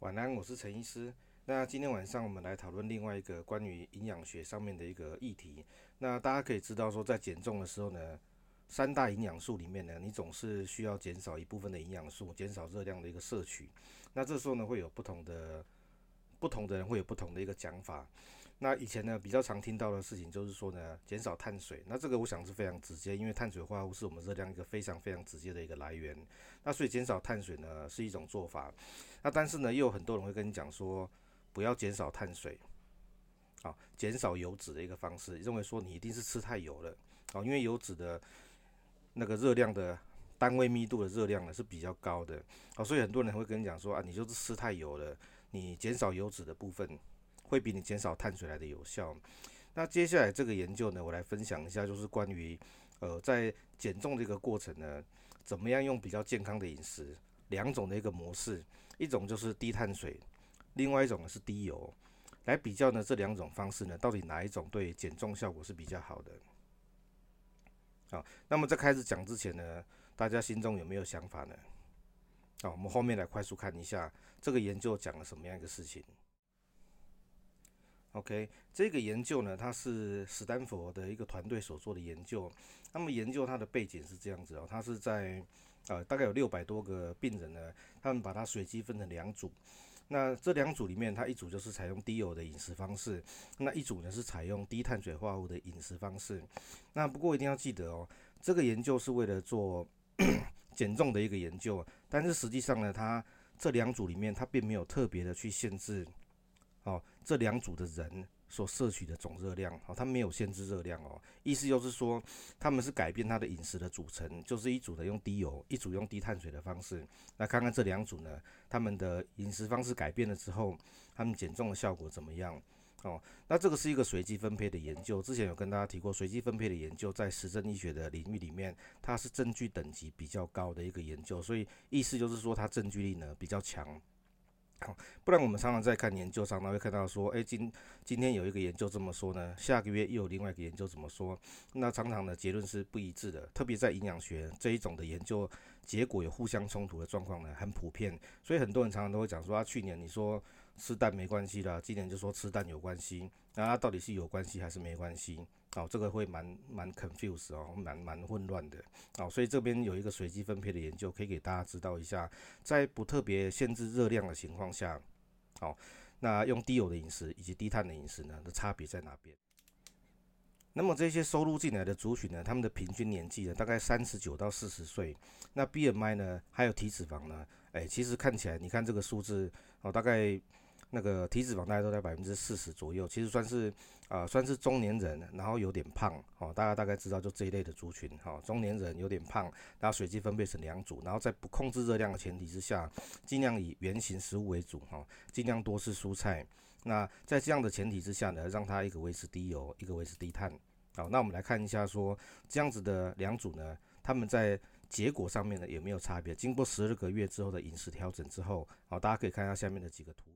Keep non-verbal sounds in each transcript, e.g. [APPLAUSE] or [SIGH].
晚安，我是陳醫師。那今天晚上我們來討論另外一個關於營養學上面的一個議題。那大家可以知道說，在減重的時候呢，三大營養素裡面呢，你總是需要減少一部分的營養素，減少熱量的一個攝取。那這時候呢，會有不同的，不同的人會有不同的一個講法。那以前呢，比較常聽到的事情就是說呢，減少碳水。那這個我想是非常直接，因為碳水化合物是我們熱量一個非常非常直接的一個來源。那所以減少碳水呢是一種做法。那但是呢，又有很多人會跟你講說，不要減少碳水，啊、哦，減少油脂的一個方式，認為說你一定是吃太油了，啊、哦，因為油脂的那個熱量的單位密度的熱量呢是比較高的，啊、哦，所以很多人會跟你講說啊，你就是吃太油了，你減少油脂的部分。會比你減少碳水來的有效。那接下來這個研究呢，我來分享一下，就是關於呃在減重這個過程呢，怎麼樣用比較健康的飲食，兩種的一個模式，一種就是低碳水，另外一種呢是低油，來比較呢這兩種方式呢，到底哪一種對減重效果是比較好的？好、哦，那麼在開始講之前呢，大家心中有沒有想法呢？好、哦，我們後面來快速看一下這個研究講了什麼樣一個事情。OK，這個研究呢，它是史丹佛的一個團隊所做的研究。那麼研究它的背景是這樣子哦，它是在呃大概有六百多個病人呢，他們把它隨機分成兩組。那這兩組裡面，它一組就是採用低油的飲食方式，那一組呢是採用低碳水化合物的飲食方式。那不過一定要記得哦，這個研究是為了做 [COUGHS] 減重的一個研究，但是實際上呢，它這兩組裡面它並沒有特別的去限制哦。這兩組的人所攝取的總熱量哦，他沒有限制熱量哦，意思就是說他們是改變他的飲食的組成，就是一組的用低油，一組用低碳水的方式。那看看這兩組呢，他們的飲食方式改變了之後，他們減重的效果怎麼樣哦？那這個是一個隨機分配的研究，之前有跟大家提過，隨機分配的研究在實證醫學的領域裡面，它是證據等級比較高的一個研究，所以意思就是說它證據力呢比較強。不然，我們常常在看研究上那會看到說，哎，今今天有一個研究這麼說呢，下個月又有另外一個研究怎麼說？那常常的結論是不一致的，特別在營養學這一種的研究結果有互相衝突的狀況呢，很普遍。所以很多人常常都會講說，他、啊、去年你說吃蛋沒關係啦，今年就說吃蛋有關係，那、啊、他到底是有關係還是沒關係？哦，這個會蠻蠻 confused 哦，蠻蠻混亂的哦，所以這邊有一個隨機分配的研究，可以給大家知道一下，在不特別限制熱量的情況下，哦，那用低油的飲食以及低碳的飲食呢的差別在哪邊？那麼這些收入進來的族群呢，他們的平均年紀呢，大概三十九到四十歲，那 BMI 呢，還有體脂肪呢，哎、欸，其實看起來，你看這個數字，哦，大概。那個體脂肪大概都在百分之四十左右，其實算是呃算是中年人，然後有點胖哦。大家大概知道就這一類的族群哈、哦，中年人有點胖，然後隨機分配成兩組，然後在不控制熱量的前提之下，盡量以原型食物為主哈、哦，盡量多吃蔬菜。那在這樣的前提之下呢，讓它一個維持低油，一個維持低碳。好、哦，那我們來看一下說這樣子的兩組呢，他們在結果上面呢有沒有差別？經過十二個月之後的飲食調整之後，好、哦，大家可以看一下下面的幾個圖。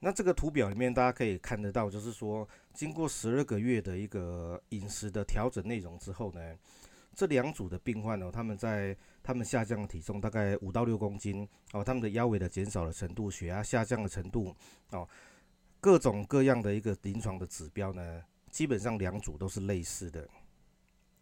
那這個圖表裡面，大家可以看得到，就是說，經過十二個月的一個飲食的調整內容之後呢，這兩組的病患哦，他們在他們下降的體重大概五到六公斤哦，他們的腰圍的減少的程度，血壓下降的程度哦，各種各樣的一個臨床的指標呢，基本上兩組都是類似的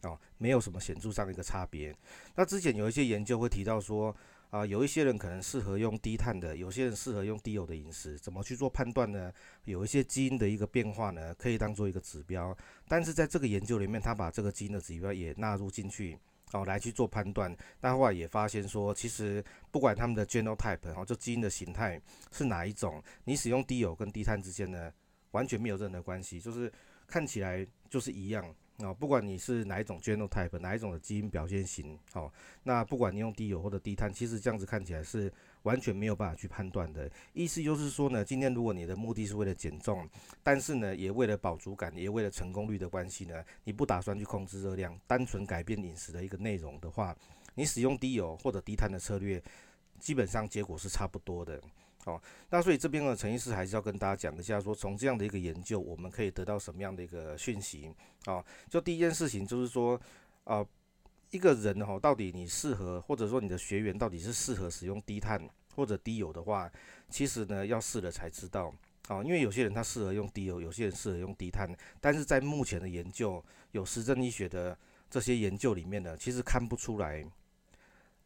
哦，沒有什麼顯著上的一個差別。那之前有一些研究會提到說，啊，有一些人可能適合用低碳的，有些人適合用低油的飲食，怎麼去做判斷呢？有一些基因的一個變化呢，可以當做一個指標，但是在這個研究裡面，他把這個基因的指標也納入進去哦，來去做判斷，那後來也發現說，其實不管他們的 genotype，然後就基因的形態是哪一種，你使用低油跟低碳之間呢，完全沒有任何關係，就是看起來就是一樣。哦，不管你是哪一種 genotype，哪一種的基因表現型，好，哦，那不管你用低油或者低碳，其實這樣子看起來是完全沒有辦法去判斷的。意思就是說呢，今天如果你的目的是為了減重，但是呢也為了飽足感，也為了成功率的關係呢，你不打算去控制熱量，單純改變飲食的一個內容的話，你使用低油或者低碳的策略，基本上結果是差不多的。哦，那所以這邊呢，陳醫師還是要跟大家講一下說，說從這樣的一個研究，我們可以得到什麼樣的一個訊息哦，就第一件事情就是說，啊、呃，一個人哈、哦，到底你適合，或者說你的學員到底是適合使用低碳或者低油的話，其實呢，要試了才知道哦，因為有些人他適合用低油，有些人適合用低碳，但是在目前的研究，有實證醫學的這些研究裡面呢，其實看不出來。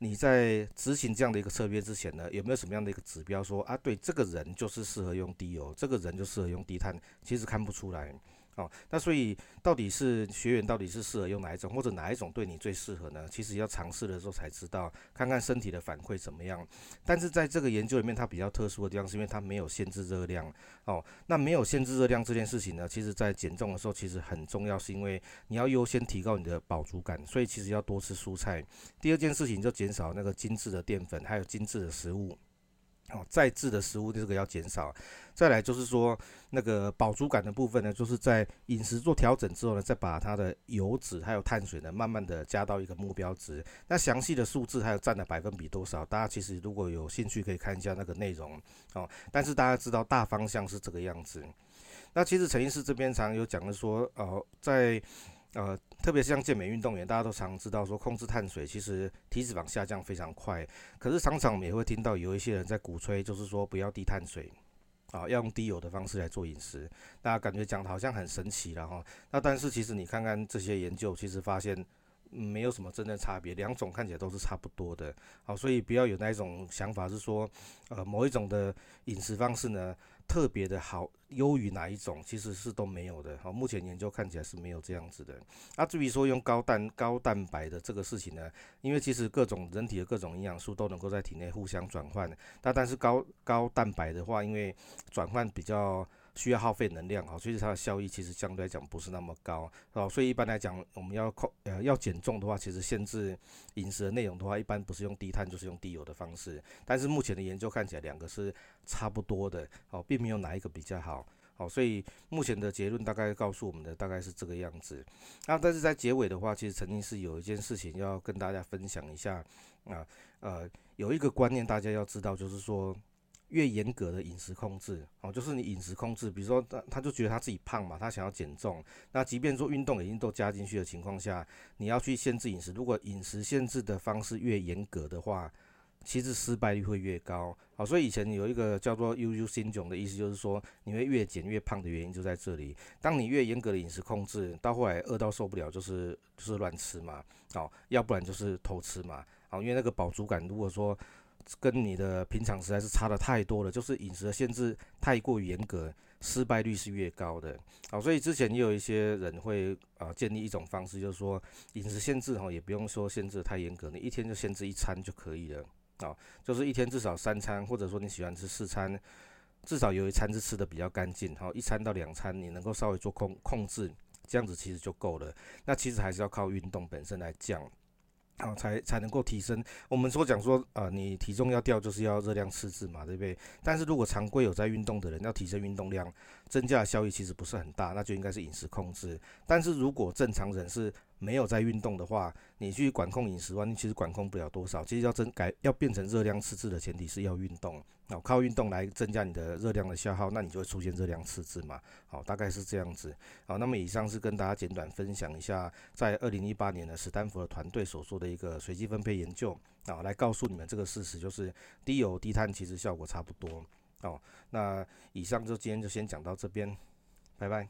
你在執行這樣的一個策略之前呢，有沒有什麼樣的一個指標說啊對，對這個人就是適合用低油，這個人就適合用低碳，其實看不出來。哦，那所以到底是學員到底是適合用哪一種，或者哪一種對你最適合呢？其實要嘗試的時候才知道，看看身體的反饋怎麼樣。但是在這個研究裡面，它比較特殊的地方是因為它沒有限制熱量。哦，那沒有限制熱量這件事情呢，其實在減重的時候其實很重要，是因為你要優先提高你的飽足感，所以其實要多吃蔬菜。第二件事情就減少那個精致的澱粉，還有精致的食物。哦，再製的食物這個要減少，再來就是說那個飽足感的部分呢，就是在飲食做調整之後呢，再把它的油脂還有碳水呢，慢慢的加到一個目標值。那詳細的數字還有占了百分比多少，大家其實如果有興趣可以看一下那個內容哦。但是大家知道大方向是這個樣子。那其實陳醫師這邊常常有講的說，哦，在呃，特別像健美運動員，大家都常知道說控制碳水，其實體脂肪下降非常快。可是常常我們也會聽到有一些人在鼓吹，就是說不要低碳水，啊、呃，要用低油的方式來做飲食。大家感覺講的好像很神奇，啦齁，那但是其實你看看這些研究，其實發現。沒有什麼真的差別，兩種看起來都是差不多的，好，所以不要有那一種想法是說，呃，某一種的飲食方式呢特別的好優於哪一種，其實是都沒有的，好，目前研究看起來是沒有這樣子的。那、啊、至於說用高蛋高蛋白的這個事情呢，因為其實各種人體的各種營養素都能夠在體內互相轉換，那但,但是高高蛋白的話，因為轉換比較。需要耗費能量啊，所以它的效益其實相對來講不是那麼高。所以一般來講，我們要控呃要減重的話，其實限制飲食的內容的話，一般不是用低碳就是用低油的方式。但是目前的研究看起來，兩個是差不多的哦，並沒有哪一個比較好哦，所以目前的結論大概告訴我們的大概是這個樣子。那、啊、但是在結尾的話，其實曾經是有一件事情要跟大家分享一下啊，呃，呃，有一個觀念大家要知道，就是說。越嚴格的飲食控制，哦，就是你飲食控制，比如說他他就覺得他自己胖嘛，他想要減重，那即便做運動已經都加進去的情況下，你要去限制飲食，如果飲食限制的方式越嚴格的話，其實失敗率會越高。哦，所以以前有一個叫做 “yo-yo syndrome” 的意思，就是說你會越減越胖的原因就在這裡。當你越嚴格的飲食控制到後來餓到受不了，就是就是亂吃嘛，哦，要不然就是偷吃嘛，哦，因為那個飽足感，如果說。跟你的平常實在是差的太多了，就是飲食的限制太過於嚴格，失敗率是越高的啊。所以之前也有一些人會啊建立一種方式，就是說飲食限制哈，也不用說限制的太嚴格，你一天就限制一餐就可以了啊，就是一天至少三餐，或者說你喜歡吃四餐，至少有一餐是吃的比較乾淨，然後一餐到兩餐你能夠稍微做控控制，這樣子其實就夠了。那其實還是要靠運動本身來降。啊、哦，才才能夠提升。我們說講說，呃，你體重要掉，就是要熱量赤字嘛，對不對？但是如果常規有在運動的人，要提升運動量，增加的效益其實不是很大，那就應該是飲食控制。但是如果正常人是，沒有在運動的話，你去管控飲食的話，你其實管控不了多少。其實要增改要變成熱量赤字的前提是要運動，哦，靠運動來增加你的熱量的消耗，那你就會出現熱量赤字嘛。好，大概是這樣子。好，那麼以上是跟大家簡短分享一下，在二零一八年的史丹佛的團隊所做的一個隨機分配研究，啊，來告訴你們這個事實，就是低油低碳其實效果差不多。哦，那以上就今天就先講到這邊，拜拜。